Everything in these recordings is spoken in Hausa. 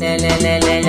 la la la la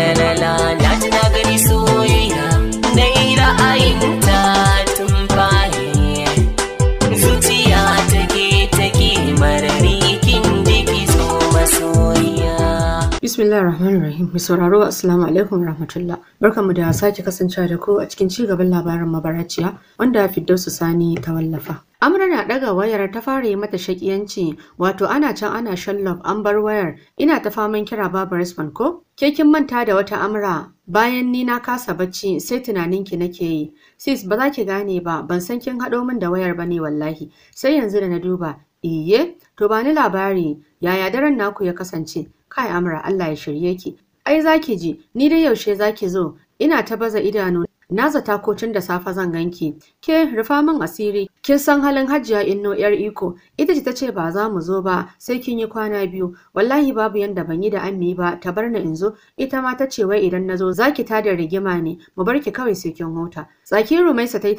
Bismillah ar-Rahman rahim Mai sauraro Assalamu alaikum rahmatullah. Barkanmu da sake kasancewa da ku a cikin ci gaban labarin mabaraciya wanda Firdausu Sani ta wallafa. Amra na daga wayar ta fara yi mata shakiyanci wato ana can ana shallof an bar wayar ina ta faman kira babu respond ko? Ke kin manta da wata Amra bayan ni na kasa bacci sai tunaninki nake yi. Sis ba za ki gane ba ban san kin haɗo min da wayar ba ne wallahi sai yanzu da na duba iye to ba ni labari yaya daren naku ya kasance kai amara Allah ya shirye ki ai zaki ji ni dai yaushe zaki zo ina ta baza idanu na zata ko tun da safe zan ganki ke rufa min asiri Kin san halin Hajiya Inno ‘yar iko, ita ce ta ce ba za mu zo ba sai kin yi kwana biyu, wallahi babu yanda ban yi da ammi ba ta bar ni in zo, ita ma ta ce wai idan na zo za ki da rigima ne, mu bar ki kawai sai kin huta. Tsakin Rumaisa ta yi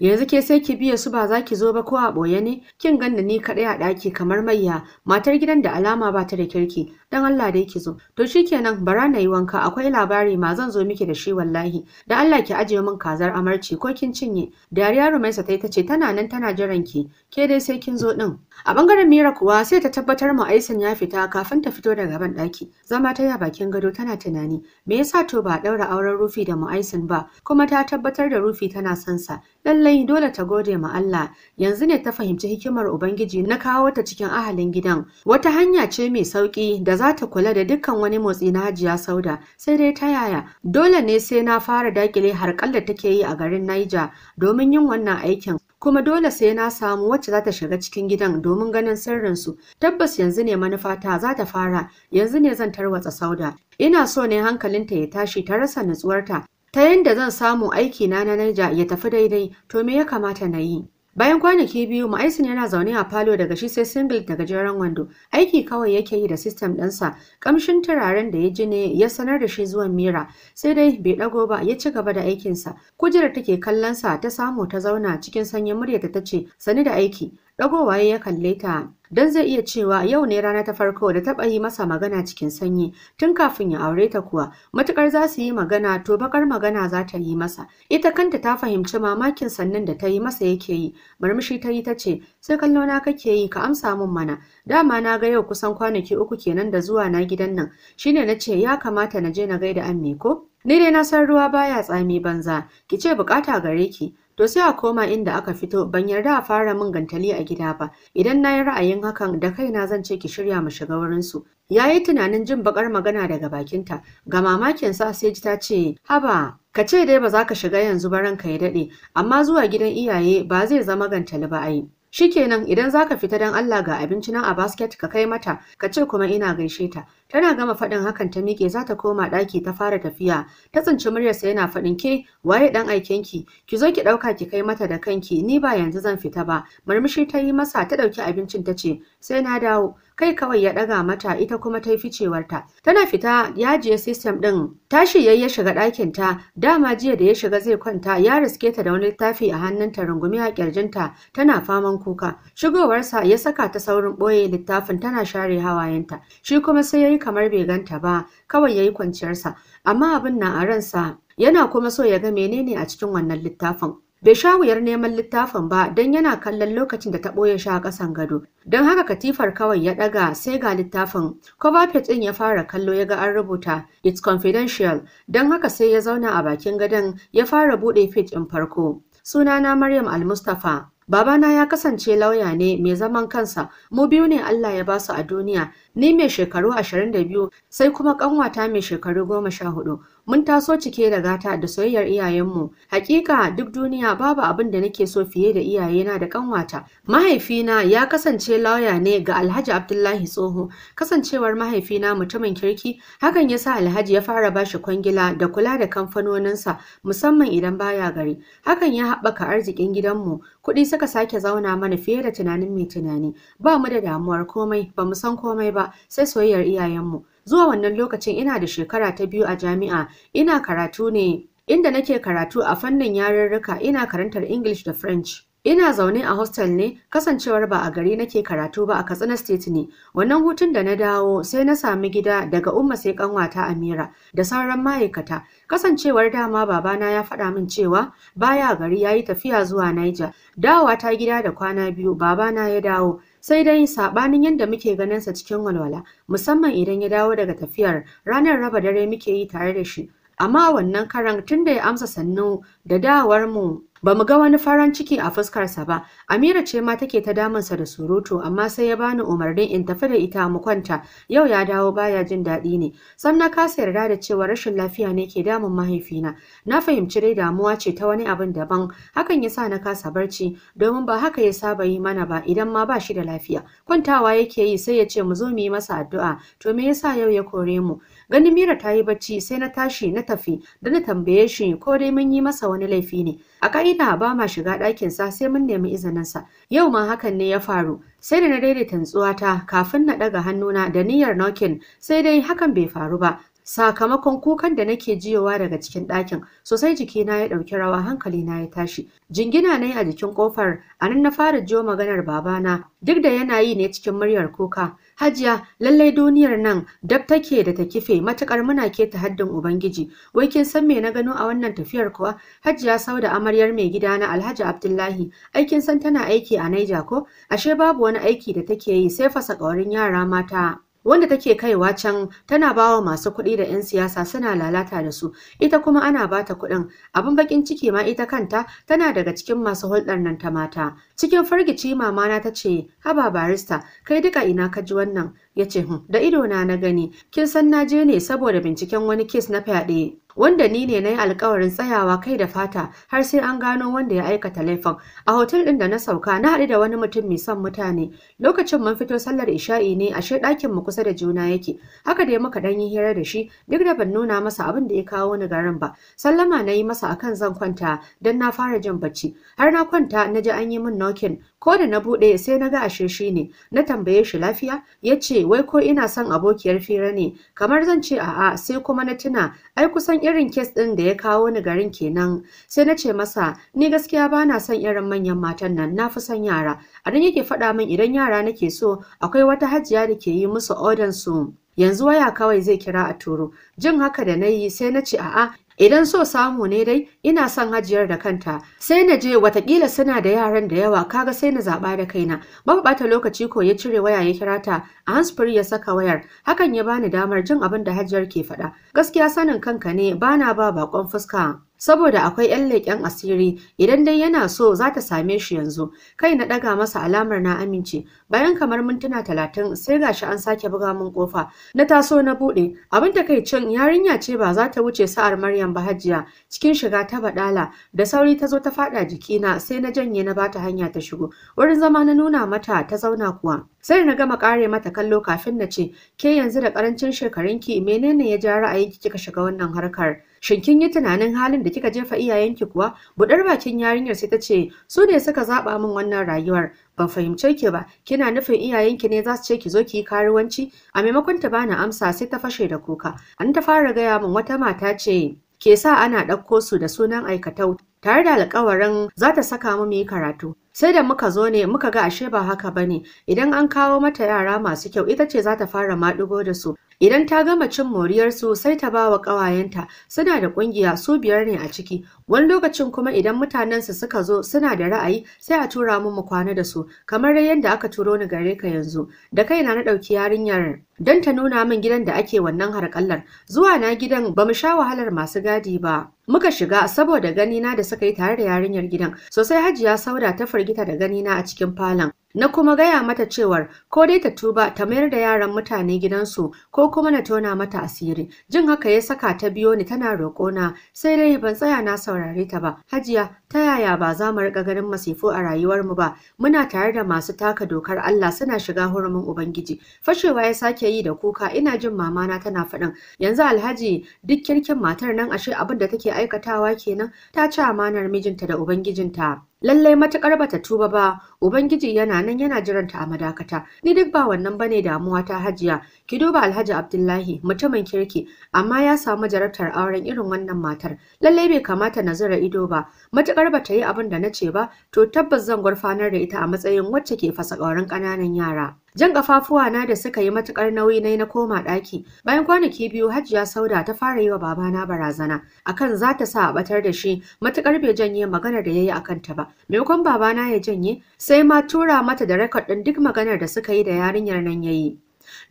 yanzu ke sai ki biya su ba za ki zo ba ko a boye ne, kin ganna ni kaɗai a ɗaki kamar mayya, matar gidan da alama ba ta da kirki, dan Allah dai ki zo. To shikenan bara na yi wanka akwai labari ma zan zo miki da shi wallahi, da Allah ki ajiye min kazar amarci ko kin cinye. Dariya Rumaisa ta ta ce tana kuna nan tana jiran ki, ke dai sai kin zo din. A bangaren Mira kuwa sai ta tabbatar mu Aisan ya fita kafin ta fito daga ban daki. Zama ta ya bakin gado tana tunani, me yasa to ba daura auren Rufi da Mu'aisin ba, kuma ta tabbatar da Rufi tana son sa. Lallai dole ta gode ma Allah, yanzu ne ta fahimci hikimar Ubangiji na kawo ta cikin ahalin gidan. Wata hanya ce mai sauki da za ta kula da dukkan wani motsi na Hajiya Sauda, sai dai ta yaya. Dole ne sai na fara dakile harkar da take yi a garin Niger domin yin wannan aikin kuma dole sai na samu wacce za ta shiga cikin gidan domin ganin sirrinsu tabbas yanzu ne manufata za ta fara yanzu ne zan tarwatsa sauda ina so ne hankalinta ya tashi ta rasa nutsuwarta ta yadda zan samu aiki na na naija ya tafi daidai to me ya kamata na yi Bayan kwanaki biyu, Ma'aisin yana zaune a falo daga shi sai single da gajeren wando. Aiki kawai yake yi da sistem ɗinsa. Kamshin turaren da ya ji ne ya sanar da shi zuwan Mira. Sai dai bai ɗago ba ya ci gaba da aikinsa. Kujerar take kallonsa ta samu ta zauna cikin sanyin muryarta ta ce, Sani da aiki. Ɗagowa ya kalle ta Don zai iya cewa yau ne rana ta farko da taɓa yi masa magana cikin sanyi, tun kafin ya aure ta kuwa, matuƙar za su yi magana to bakar magana za ta yi masa. Ita kanta ta fahimci mamakin sannan da ta yi masa yake yi, murmushi ta yi ta ce, sai kallo na kake yi ka amsa min mana, dama na ga yau kusan kwanaki uku kenan da zuwa na gidan nan, shine na ce ya kamata na je na gaida amme ko? Ni dai na san ruwa baya tsami banza, ki ce bukata gare ki, to sai a koma inda aka fito ban yarda a fara min gantali a gida ba, idan na yi ra'ayin hakan da kaina zan ce ki shirya mu shiga wurinsu. Ya yi tunanin jin bakar magana daga bakinta, ga mamakin sa sai ji ta ce, haba, ka ce dai ba za ka shiga yanzu ba ranka ya daɗe, amma zuwa gidan iyaye ba zai zama gantali ba ai. Shikenan idan za ka fita don Allah ga abinci nan a basket ka kai mata, ka ce kuma ina gaishe ta, Tana gama faɗin hakan ta miƙe za ta koma ɗaki ta fara tafiya. Ta tsinci muryarsa yana faɗin ke waye ɗan aikenki ki zo ki ɗauka ki kai mata da kanki ni ba yanzu zan fita ba. Murmushi ta yi masa ta ɗauki abincin ta ce sai na dawo. Kai kawai ya ɗaga mata ita kuma ta yi ficewarta. Tana fita ya je system ɗin tashi yayi ya shiga ɗakin ta dama jiya da ya shiga zai kwanta ya riske ta da wani littafi a hannunta rungumi a ƙirjinta tana faman kuka. Shigowarsa ya saka ta saurin ɓoye littafin tana share hawayenta. Shi kuma sai ya yi kamar bai ganta ba, kawai ya yi kwanciyarsa, amma abin na a ransa yana kuma so ya ga menene a cikin wannan littafin. Bai sha wuyar neman littafin ba don yana kallon lokacin da ta ɓoye sha a ƙasan gado. Don haka katifar kawai ya ɗaga sai ga littafin. kowa ɗin ya fara kallo ya ga an rubuta It's confidential. Don haka sai ya zauna a bakin gadon ya fara buɗe page in farko. Sunana Maryam almustapha Babana ya kasance lauya ne mai zaman kansa, mu biyu ne Allah ya basu a duniya, ni mai shekaru 22 sai kuma kanwata mai shekaru 14 mun taso cike da gata da soyayyar iyayenmu hakika duk duniya babu abin da nake so fiye da iyayena da kanwata mahaifina ya kasance lauya ne ga Alhaji Abdullahi Tsoho kasancewar mahaifina mutumin kirki hakan ya sa Alhaji ya fara ba shi kwangila da kula da kamfanoninsa musamman idan baya gari hakan ya haɓaka arzikin gidanmu kuɗi suka sake zauna mana fiye da tunanin mai tunani ba mu da damuwar komai ba mu san komai ba sai soyayyar iyayenmu. Zuwa wannan lokacin ina da shekara ta biyu a jami'a, ina karatu ne inda nake karatu a fannin yarurruka ina karantar English da French. Ina zaune a hostel ne kasancewar ba a gari nake karatu ba a Katsina State ne. Wannan hutun da na dawo sai na sami gida daga Umma sai kanwata Amira da sauran ma'aikata. Kasancewar dama babana ya faɗa min cewa baya gari yayi tafiya zuwa Niger. Dawowa ta gida da kwana biyu babana ya dawo. sai dai sabanin yadda muke ganin sa cikin walwala musamman idan ya dawo daga tafiyar ranar raba dare muke yi tare da shi amma wannan karan da ya amsa sannu da dawarmu. mu Ba mu ga wani faran ciki a fuskarsa ba, Amira ce ma take ta damunsa da surutu amma sai ya bani umarnin in tafi da ita mu kwanta, yau ya dawo baya jin daɗi ne. Sam na kasa yarda da cewa rashin lafiya ne ke damun mahaifina, na fahimci dai damuwa ce ta wani abin daban, hakan ya sa na kasa barci domin ba haka ya saba yi mana ba idan ma ba shi da lafiya. Kwantawa yake yi sai ya ce mu zo mu yi masa addu'a, to me yasa yau ya kore mu? Ganin Mira ta yi bacci sai na tashi na tafi da na tambaye shi ko dai mun yi masa wani laifi ne. A ka'ida ba ma shiga ɗakinsa sai mun nemi izininsa. Yau ma hakan ne ya faru. Sai da na daidaita nutsuwata kafin na ɗaga hannuna da niyyar nokin sai dai hakan bai faru ba. Sakamakon kukan da nake jiyowa daga cikin ɗakin, sosai jikina ya ɗauki rawa hankali na ya tashi. Jingina na yi a jikin ƙofar, a nan na fara jiyo maganar babana, duk da yana yi ne cikin muryar kuka. Hajiya, lallai duniyar nan dab take da ta kife matukar muna keta haddin Ubangiji. Wai kin san me na gano a wannan tafiyar kuwa? Hajiya Sauda amaryar mai gida na Alhaji Abdullahi, Aikin san tana aiki a Niger ko? Ashe babu wani aiki da take yi sai fasa ƙaurin yara mata. wanda take kaiwa can tana bawa masu kuɗi da 'yan siyasa suna lalata da su ita kuma ana bata kuɗin abin bakin ciki ma ita kanta tana daga cikin masu hulɗar nan ta mata cikin firgici mamana ta ce haba barista kai duka ina ka ji wannan ya ce hm, da idona na gani kin san na je ne saboda binciken wani kes na fyaɗe wanda ni ne na yi alkawarin tsayawa kai da fata har sai an gano wanda ya aikata laifin. A hotel ɗin da na sauka na haɗu da wani mutum mai son mutane. Lokacin mun fito sallar isha'i ne ashe ɗakin mu kusa da juna yake. Haka dai muka ɗan yi hira da shi duk da ban nuna masa abin da ya kawo ni garin ba. Sallama na yi masa akan zan kwanta don na fara jin bacci. Har na kwanta na ji an yi min nokin ko da na buɗe sai na ga ashe shi ne. Na tambaye shi lafiya ya ce wai ko ina son abokiyar fira ne kamar zan ce a'a sai kuma na tuna ai kusan irin kes ɗin da ya kawo ni garin kenan sai na ce masa ni gaskiya ba na son irin manyan matan nan na fi son yara a dan yake faɗa min idan yara nake so akwai wata hajiya da ke yi musu odan su yanzu waya kawai zai kira a turo jin haka da na yi sai na ce a'a Idan so samu ne dai, ina son hajiyar da kanta. Sai na je watakila suna da yaran da yawa, kaga sai na zaɓa da kaina. Babu ɓata lokaci ko ya cire waya ya kira ta, A handsfree ya saka wayar hakan ya bani damar jin abin da hajiyar ke faɗa gaskiya sanin kanka ne bana ba baƙon fuska saboda akwai 'yan leƙen asiri idan dai yana so za ta same shi yanzu kai na ɗaga masa alamar na amince bayan kamar mintuna talatin sai gashi an sake buga min kofa na taso na buɗe abin da kai cin yarinya ce ba za ta wuce sa'ar maryam ba hajiya cikin shiga ta baɗala da sauri ta zo ta faɗa jikina sai na janye na bata hanya ta shigo wurin zama na nuna mata ta zauna kuwa Sai na gama kare mata kallo kafin na ce, "Ke yanzu da karancin shekarunki menene ya ja ra'ayinki kika shiga wannan harkar?" Shin kin yi tunanin halin da kika jefa iyayenki kuwa? Budar bakin yarinyar sai ta ce, "Su ne suka zaba min wannan rayuwar. Ban fahimce ki ba. Kina nufin iyayenki ne za su ce ki zo ki yi karuwanci?" A maimakon ta bani amsa sai ta fashe da kuka. An ta fara gaya min wata mata ce, "Ke sa ana ɗauko su da sunan aikatau tare da alƙawarin za ta saka mu mu yi karatu Sai da muka zo ne muka ga ashe ba haka ba ne, idan an kawo mata yara masu kyau ita ce za ta fara maɗigo da su. Idan ta gama cin moriyarsu sai ta ba wa ƙawayenta, suna da ƙungiya su biyar ne a ciki, Wani lokacin kuma idan mutanensu suka zo suna da ra'ayi sai a tura mu mu kwana da su kamar dai yadda aka turo ni gare ka yanzu da kai na na ɗauki yarinyar don ta nuna min gidan da ake wannan harƙallar zuwa na gidan ba mu sha wahalar masu gadi ba muka shiga saboda ganina da suka yi tare da yarinyar gidan sosai hajiya sauda ta firgita da ganina a cikin falon na kuma gaya mata cewar ko dai ta tuba ta mayar da yaran mutane gidansu ko kuma na tona mata asiri jin haka ya saka ta biyo ni tana roƙona sai dai ban tsaya na saurari saurare ta ba. Hajiya, ta yaya ba za mu riƙa ganin masifu a rayuwarmu ba? Muna tare da masu taka dokar Allah suna shiga hurumin Ubangiji. Fashewa ya sake yi da kuka ina jin mamana tana faɗin. Yanzu Alhaji duk kirkin matar nan ashe abin da take aikatawa kenan ta ci amanar mijinta da Ubangijinta. lallai matakar bata tuba ba ubangiji yana nan yana jiranta a madakata ni duk ba wannan bane damuwa ta hajiya ki duba alhaji abdullahi mutumin kirki amma ya samu jarabtar auren irin wannan matar lallai bai kamata na zura ido ba matakar bata yi abin da na ce ba to tabbas zan gurfanar da ita a matsayin wacce ke fasa ƙaurin ƙananan yara Jan ƙafafuwa na da suka yi matukar nauyi na na koma ɗaki. Bayan kwanaki biyu Hajiya Sauda ta fara yi wa babana barazana akan za ta sa a batar da shi matukar bai janye maganar da yayi akan ta ba. Maimakon babana ya janye sai ma tura mata da rekod ɗin duk maganar da suka yi da yarinyar nan yayi.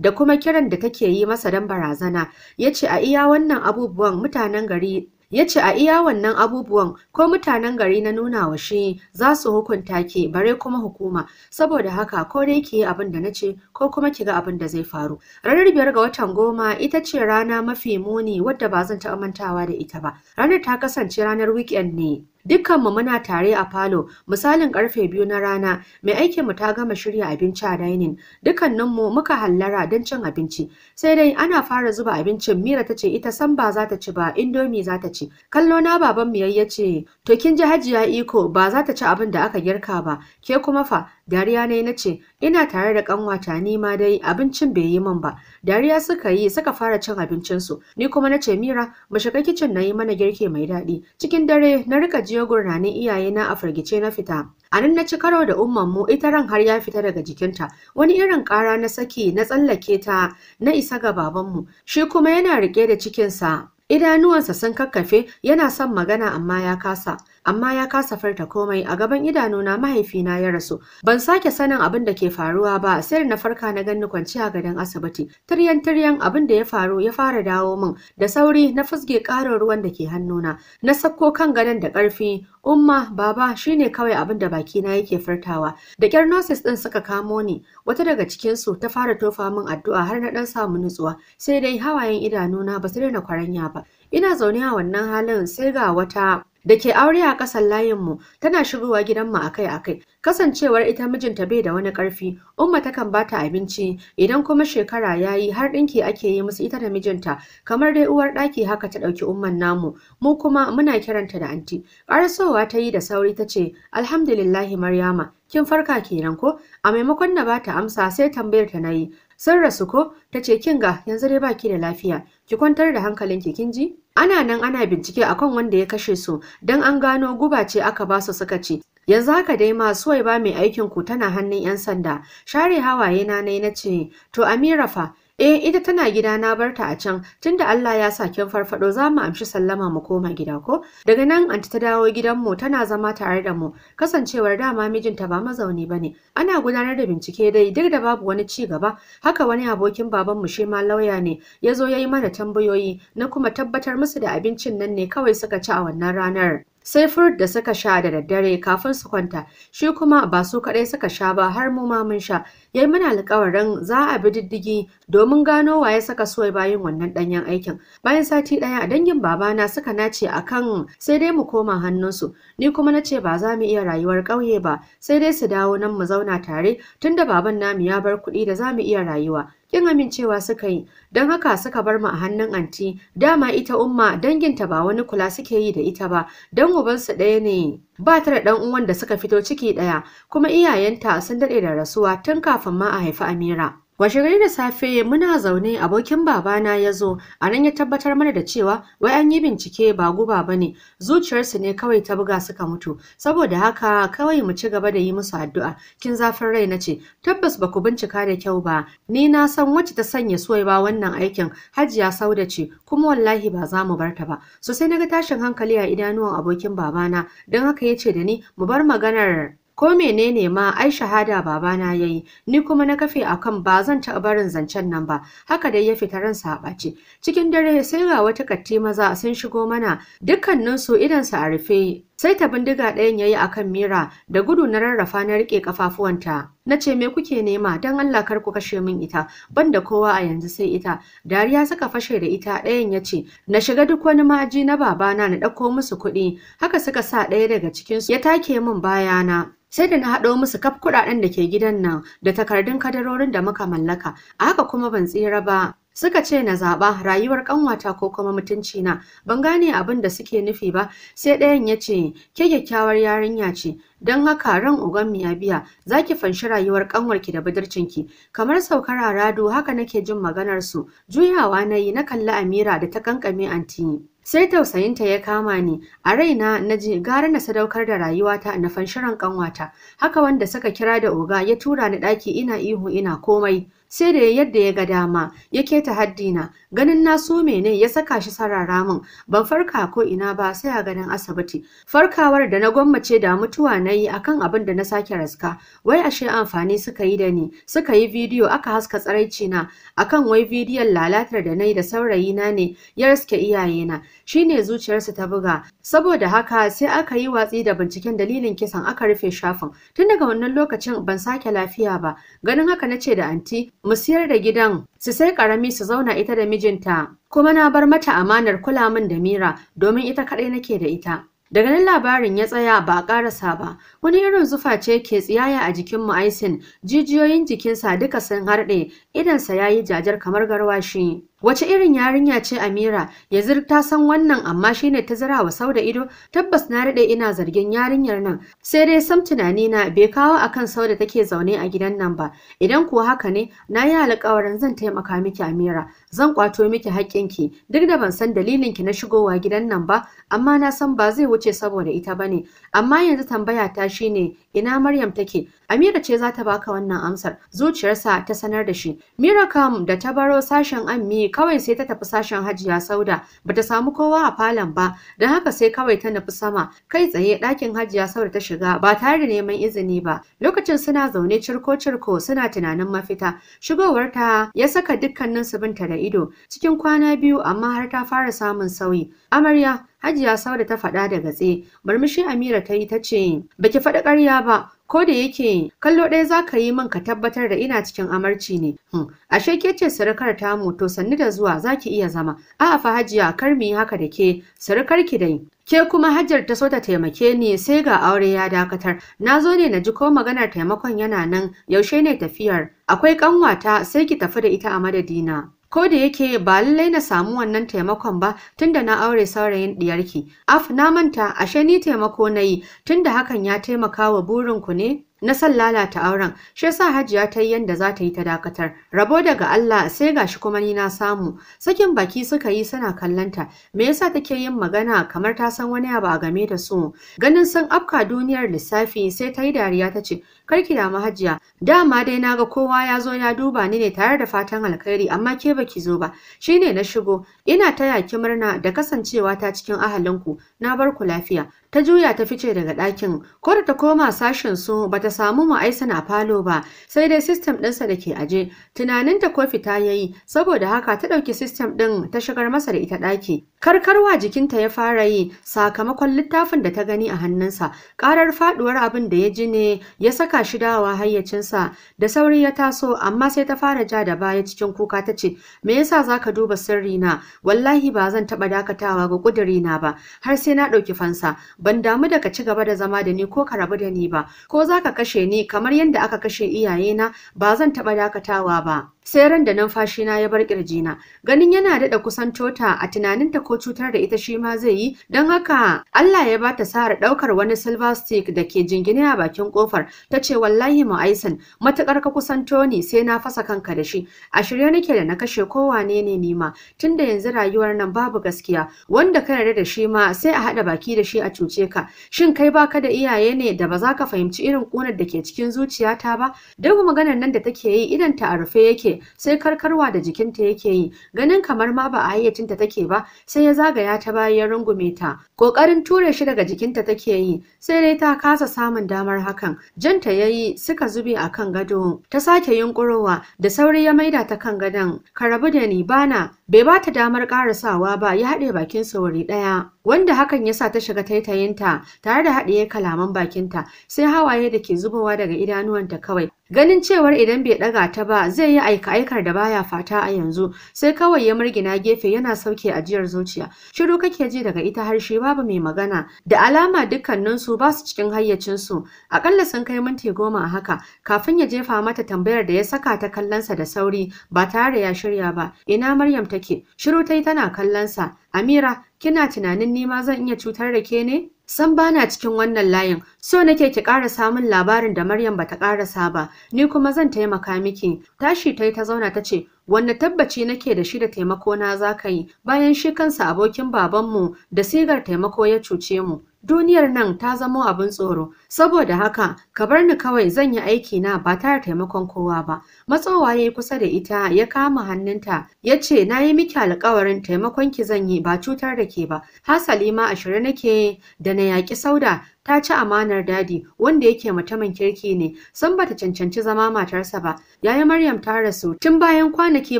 da kuma kiran da take yi masa don barazana ya ce a iya wannan abubuwan mutanen gari Ya ce a iya wannan abubuwan ko mutanen gari na nuna wa shi za su hukunta ke, bare kuma hukuma saboda haka ko dai ki yi abin da na ce ko kuma ki ga abin da zai faru. Ranar biyar ga watan goma ita ce rana mafi muni wadda ba zan taɓa mantawa da ita ba. Ranar ta kasance ranar weekend ne Dukkanmu muna tare a falo, misalin karfe biyu na rana, mai mu ta gama shirya abinci a dining. mu muka hallara don cin abinci. Sai dai ana fara zuba abincin Mira ta ce ita san ba za ta ci ba, indomi za ta ci. Kallo na babanmu yayyace yayya ce, to kin ji hajiya iko ba za ta ci abin da aka girka ba, ke kuma fa Dariya na yi na ce, Ina tare da ƙanwata ni ma dai abincin bai yi min ba. Dariya suka yi suka fara cin abincinsu. Ni kuma na ce Mira, mu shiga kicin na yi mana girki mai daɗi. Cikin dare na rika jiyo gurnanin na a firgice na fita. A nan na ci karo da umman mu ita ran har ya fita daga jikinta. Wani irin ƙara na saki na tsallake ta na isa ga babanmu. Shi kuma yana rike da cikinsa. Idanuwansa sun kakkafe yana son magana amma ya kasa. amma ya kasa farta komai a gaban idanuna mahaifina ya rasu ban sake sanin abin da ke faruwa ba sai na farka na ganni kwanciya gadon asibiti tiryan tiryan abin da ya faru ya fara dawo min da sauri na fusge karin ruwan da ke hannuna na sako kan gadon da karfi umma baba shine kawai abin da bakina yake furtawa da kyar nurses din suka kamo ni wata daga cikin su ta fara tofa min addu'a har na dan samu nutsuwa sai dai hawayen idanuna ba su daina kwaranya ba ina zaune a wannan halin sai ga wata da ke aure a ƙasan layinmu tana shigowa gidanmu akai-akai kasancewar ita mijinta bai da wani ƙarfi umma takan ba ta abinci idan kuma shekara ya yi har ɗinki ake yi musu ita da mijinta kamar dai uwar ɗaki haka ta ɗauki umman namu mu kuma muna kiranta da anti ƙarasowa ta yi da sauri ta ce alhamdulillahi maryama kin farka kenan ko a maimakon na bata amsa sai tambayar ta yi. sun rasu ko ta ce kin ga yanzu dai baki da lafiya ki kwantar da hankalinki kin ji Ana nan ana bincike akan wanda ya kashe su don an gano guba ce aka ba su suka ci. Yanzu haka dai ma suwai ba mai aikin ku tana hannun 'yan sanda. Share hawaye na nai na ce, to Amira fa, Eh, ita tana gida na barta a can, tunda Allah ya sa kin farfado za mu amshi sallama mu koma gida ko? Daga nan anti ta dawo gidanmu tana zama tare da mu, kasancewar dama mijinta ba mazauni ba ne. Ana gudanar da bincike dai duk da babu wani ci gaba, haka wani abokin baban mu ma lauya ne, ya zo ya yi mana tambayoyi na kuma tabbatar musu da abincin nan ne kawai suka ci a wannan ranar. sai furut da suka sha da daddare kafin su kwanta shi kuma ba su kaɗai suka sha ba har mu ma mun sha Yai, muna mana alƙawarin za a bi diddigi domin gano waye saka suwai bayan wannan ɗanyen aikin bayan sati ɗaya dangin babana suka nace a kan sai dai mu koma hannunsu ni kuma na ce ba za mu iya rayuwar ƙauye ba sai dai su dawo nan mu zauna tare tunda baban namu ya bar kuɗi da za mu iya rayuwa kin amincewa suka yi don haka suka bar mu a hannun anti dama ita umma danginta ba wani kula suke yi da ita ba don ubansu ɗaya ne ba ta da ɗan uwan da suka fito ciki ɗaya kuma iyayenta sun daɗe da rasuwa tun kafin ma a haifi Amira. Washegari da safe muna zaune abokin babana ya zo a nan ya tabbatar mana da cewa wai an yi bincike ba guba ba ne zuciyarsu ne kawai ta buga suka mutu saboda haka kawai mu ci gaba da yi musu addu'a kin zafin rai na ce tabbas ba ku bincika da kyau ba ni na san wacce ta sanya suwai ba wannan aikin hajiya sauda ce kuma wallahi ba za mu bar ta ba so sai na tashin hankali a idanuwan abokin babana don haka ya ce da ni mu bar maganar Ko menene ma ai shahada babana ya yi, ni kuma na kafe akan ba zan taɓa barin zancen nan ba, haka dai ya fita ransa a ɓace. Cikin dare sai ga wata katti maza sun shigo mana dukkaninsu idonsa a rufe sai ta bindiga ɗayan ya yi a kan Mira da gudu na rarrafa na riƙe ƙafafuwanta. Na ce me kuke nema don Allah kar ku kashe min ita, ban da kowa a yanzu sai ita. Dariya suka fashe da ita ɗayan ya ce, na shiga duk wani maji na babana na ɗauko musu kuɗi. Haka suka sa ɗaya daga cikinsu ya take min bayana. sai da na haɗo musu kaf kuɗaɗen da ke gidan nan da takardun kadarorin da muka mallaka a haka kuma ban tsira ba Suka ce na zaba, rayuwar kanwata ko kuma mutunci na ban gane abin da suke nufi ba, sai ɗayan ya ce, ke kyakkyawar yarinya ce, don haka ran uganmu ya biya, za ki fanshi rayuwar ƙanwarki da budurcinki. Kamar saukar rado haka nake jin maganar su, juyawa na yi na kalli Amira da ta kankame antini. sai tausayinta ya kama ni a raina na ji gara na sadaukar da rayuwata na fanshiran kanwata haka wanda suka kira da oga ya tura ni ɗaki ina ihu ina komai sai da yadda ya ga dama ya keta haddina ganin na so mene ya saka shi sarara min ban farka ko ina ba sai a ganin asibiti farkawar da na gwammace da mutuwa na yi akan abin da na sake raska wai ashe amfani suka yi da ni suka yi bidiyo aka haska tsaraici na akan wai bidiyon lalatar da na yi da saurayi na ne ya raske iyaye na shine zuciyarsu ta buga saboda haka sai aka yi watsi da binciken dalilin kisan aka rufe shafin tun daga wannan lokacin ban sake lafiya ba ganin haka na ce da anti mu siyar da gidan su sai karami su zauna ita da mijinta kuma na bar mata amanar kula min da mira domin ita kadai nake da ita daga nan labarin ya tsaya ba a ƙarasa ba wani irin zufa ce ke tsiyaya a jikin mu Aisin, jijiyoyin jikinsa duka sun harɗe idansa ya yi jajar kamar garwashi Wace irin yarinya ce Amira? Yanzu ta san wannan amma shi ne ta zira wa Sauda ido. Tabbas na rade ina zargin yarinyar nan. Sai dai sam tunani na bai kawo akan Sauda take zaune a gidan nan ba. Idan kuwa haka ne, na yi alƙawarin zan taimaka miki Amira. Zan kwato miki haƙƙinki. Duk da ban san dalilin ki na shigowa gidan nan ba, amma na san ba zai wuce saboda ita ba ne. Amma yanzu tambaya ta shine ina Maryam take? Amira ce za ta baka wannan amsar. Zuciyarsa ta sanar da shi. Mira kam da ta baro sashen Ammi kawai sai ta tafi sashen hajiya sauda bata samu kowa a falon ba don haka sai kawai ta nufi sama kai tsaye ɗakin hajiya sauda ta shiga ba tare da neman izini ba lokacin suna zaune cirko-cirko suna tunanin mafita shigowar ta ya saka dukkanin su binta da ido cikin kwana biyu amma har ta fara samun sauyi amarya hajiya sauda ta faɗa da gatse murmushi amira ta yi ta ce baki faɗi ƙarya ba ko da yake kallo ɗaya za ka yi min ka tabbatar da ina cikin amarci ne hmm. ashe ke ce surukar ta to sannu da zuwa za ki iya zama a'a fa hajiya kar mu yi haka da ke surukar ki dai Ke kuma Hajjar ta so ta taimake ni sai ga aure ya dakatar. Na zo ne na ji ko maganar taimakon yana nan yaushe ne tafiyar. Akwai kanwata sai ki tafi da ita a madadina. ko da yake ba lallai na samu wannan taimakon ba tunda na aure saurayin diyarki af na manta ashe ni taimako na yi tunda hakan ya taimaka wa burinku ne na san lalata auren shi yasa hajiya ta yi yadda za ta yi ta dakatar rabo daga Allah sai gashi kuma ni na samu sakin baki suka yi suna kallanta me yasa take yin magana kamar ta san wani abu a game da su ganin san afka duniyar lissafi sai ta yi dariya ta ce kar ki damu hajiya dama dai na ga kowa ya zo ya duba ni ne tare da fatan alkhairi amma ke baki zo ba Shi ne na shigo ina taya ki murna da kasancewa ta cikin ahalinku na bar ku lafiya ta juya ta fice daga ɗakin ko da ta koma sashen su bata samu ma'aisan a falo ba sai dai sistem ɗinsa da ke aje tunaninta ko fita ta yi saboda haka ta ɗauki system ɗin ta shigar masa da ita ɗaki karkarwa jikinta ya fara yi sakamakon littafin da ta gani a hannunsa Karar faɗuwar abin da ya ji ne ya saka shi dawa hayyacinsa da sauri ya taso amma sai ta fara ja da baya cikin kuka ta ce me yasa zaka duba sirri na? wallahi ba zan taɓa dakatawa ga ƙudurina ba har sai na ɗauki fansa ban damu da ka ci gaba da zama da ni ko ka rabu da ni ba ko za ka kashe ni kamar yadda aka kashe iyayena ba zan taɓa dakatawa ba sai ran da numfashi na ya bar na. ganin yana kusan kusantota a tunaninta ko cutar da ita shi ma zai yi don haka Allah ya ba ta sara ɗaukar wani silver stick da ke jingine a bakin kofar ta ce wallahi aisan, matuƙar ka kusanto toni sai na fasa kanka da shi a shirye nake da na kashe kowane ne nima tunda yanzu rayuwar nan babu gaskiya wanda ka yarda da shi ma sai a haɗa baki da shi a cuce ka shin kai baka da iyaye ne da ba za ka fahimci irin ƙunar da ke cikin zuciyata ba duk maganar nan da take yi idan ta a rufe yake sai karkarwa da jikinta yake yi ganin kamar ma ba a hayyacinta take ba sai ya zagaya ta bayan rungume ta kokarin ture shi daga jikinta take yi sai dai ta kasa samun damar hakan janta yayi suka zube a kan gado ta sake yunkurowa da sauri ya maida ta kan gadon ka rabu da ni bana Bai ba ta damar sawa ba ya haɗe bakin wuri ɗaya, wanda hakan ya sa ta shiga taitayinta tare da haɗiye kalaman bakinta sai hawaye da ke zubowa daga idanuwanta kawai. Ganin cewar idan bai ɗaga ta ba zai yi aika-aikar da baya fata a yanzu sai kawai ya murgina gefe yana sauke ajiyar zuciya. Shiru kake ji daga ita har shi babu mai magana da alama dukkaninsu ba su cikin hayyacinsu. Akalla sun kai minti goma a haka kafin ya jefa mata tambayar da ya saka ta kallonsa da sauri ba tare da ya shirya ba. Ina Maryam ta kake. shiru tayi tana kallon sa Amira kina tunanin ni ma zan iya cutar da ke ne san bana cikin wannan layin so nake ki ƙara samun labarin da Maryam bata ƙarasa ba ni kuma zan taimaka miki tashi tayi ta zauna tace wanne tabbaci nake da shi da taimako na za ka yi bayan shi kansa abokin babanmu da sigar taimako ya cuce mu duniyar nan ta zamo abin tsoro saboda haka ka bar ni kawai zan yi aiki na ba tare taimakon kowa ba matsowa ya yi kusa da ita ya kama hannunta ya ce na yi miki alkawarin taimakon ki zan yi ba cutar da ke ba hasali ma ashirin nake da na yaƙi sauda ta ci amanar dadi wanda yake mutumin kirki ne san bata cancanci zama matarsa ba yayi Maryam ta rasu tun bayan kwanaki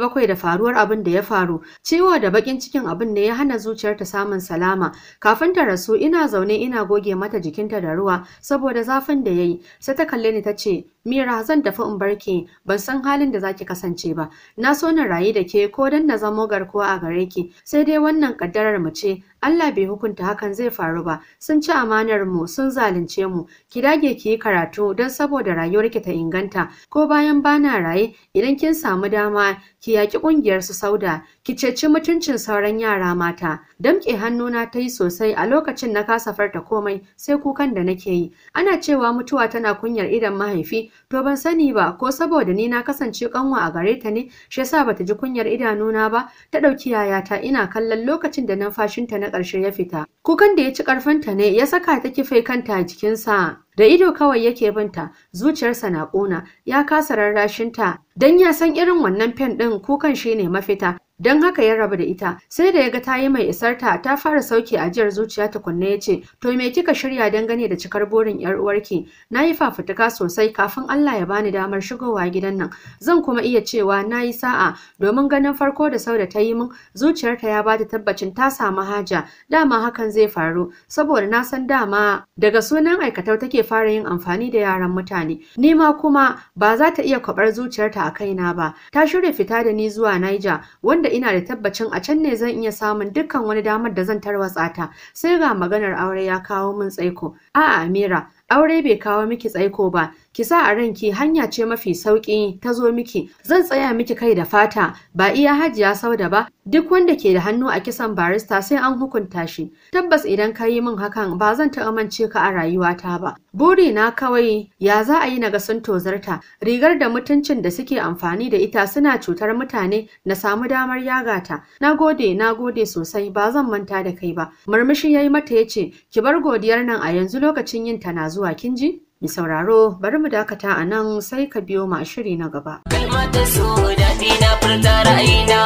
bakwai da faruwar abin da ya faru ciwo da bakin cikin abin ne ya hana zuciyarta samun salama kafin ta rasu ina zaune ina goge mata jikinta da ruwa saboda zafin da yayi sai ta kalle ni ta ce Mira zan tafi in barke ban san halin da zaki kasance ba na so na rayu da ke ko dan na zamo garkuwa a gare ki sai dai wannan kaddarar mu ce Allah bai hukunta hakan zai faru ba sun ci amanar mu sun zalunce mu ki dage ki yi karatu don saboda rayuwarki ta inganta ko bayan bana raye idan kin samu dama ki yaki ƙungiyar su sauda ki ceci mutuncin sauran yara mata damƙe hannuna ta yi sosai a lokacin na kasa farta komai sai kukan da nake yi ana cewa mutuwa tana kunyar idan mahaifi to ban sani ba ko saboda ni na kasance kanwa a gare ta ne shi yasa bata ji kunyar idanuna ba ta ɗauki yayata ina kallon lokacin da numfashinta na ƙarshe ya fita kukan da ya ci ƙarfinta ne ya saka ta kifai kanta a jikinsa da ido kawai yake binta zuciyarsa na ƙuna. ya kasa rarrashinta Dan ya san irin wannan fen ɗin kukan shi ne mafita Don haka ya rabu da ita, sai da ya ga ta yi mai isarta ta fara sauke ajiyar zuciya tukunna ya ce, To me kika shirya dangane da cikar burin ‘yar uwarki? Na yi fafutuka sosai kafin Allah ya bani damar shigowa gidan nan. Zan kuma iya cewa na yi sa'a domin ganin farko da sau da ta yi min zuciyarta ya bada tabbacin ta samu haja. Dama hakan zai faru, saboda na san dama daga sunan aikatau take fara yin amfani da yaran mutane. Ni ma kuma ba za ta iya kwabar zuciyarta a kaina ba. Ta shirya fita da ni zuwa Niger, wanda wanda ina da tabbacin a can ne zan iya samun dukkan wani damar da zan tarwatsa ta sai ga maganar aure ya kawo min tsaiko a'a Amira aure bai kawo miki tsaiko ba ki sa a ranki hanya ce mafi sauƙi. ta zo miki zan tsaya miki kai da fata ba iya hajiya sauda ba duk wanda ke da hannu a kisan barista sai an hukunta shi tabbas idan ka yi min hakan ba zan taɓa mance ka a rayuwata ba buri na kawai ya za a yi na ga sun tozarta rigar da mutuncin da suke amfani da ita suna cutar mutane na samu damar yagata na gode na gode sosai ba zan manta da kai ba murmushi ya yi mata ya ce ki bar godiyar nan a yanzu lokacin yin ta na zuwa kin ji Mai sauraro bari mu dakata a nan sai ka biyo mu a shiri na gaba. Kalma ta so daɗi na furta ra'ayina,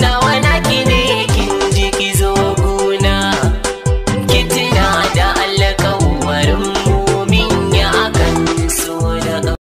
nawa naki ne kin ji ki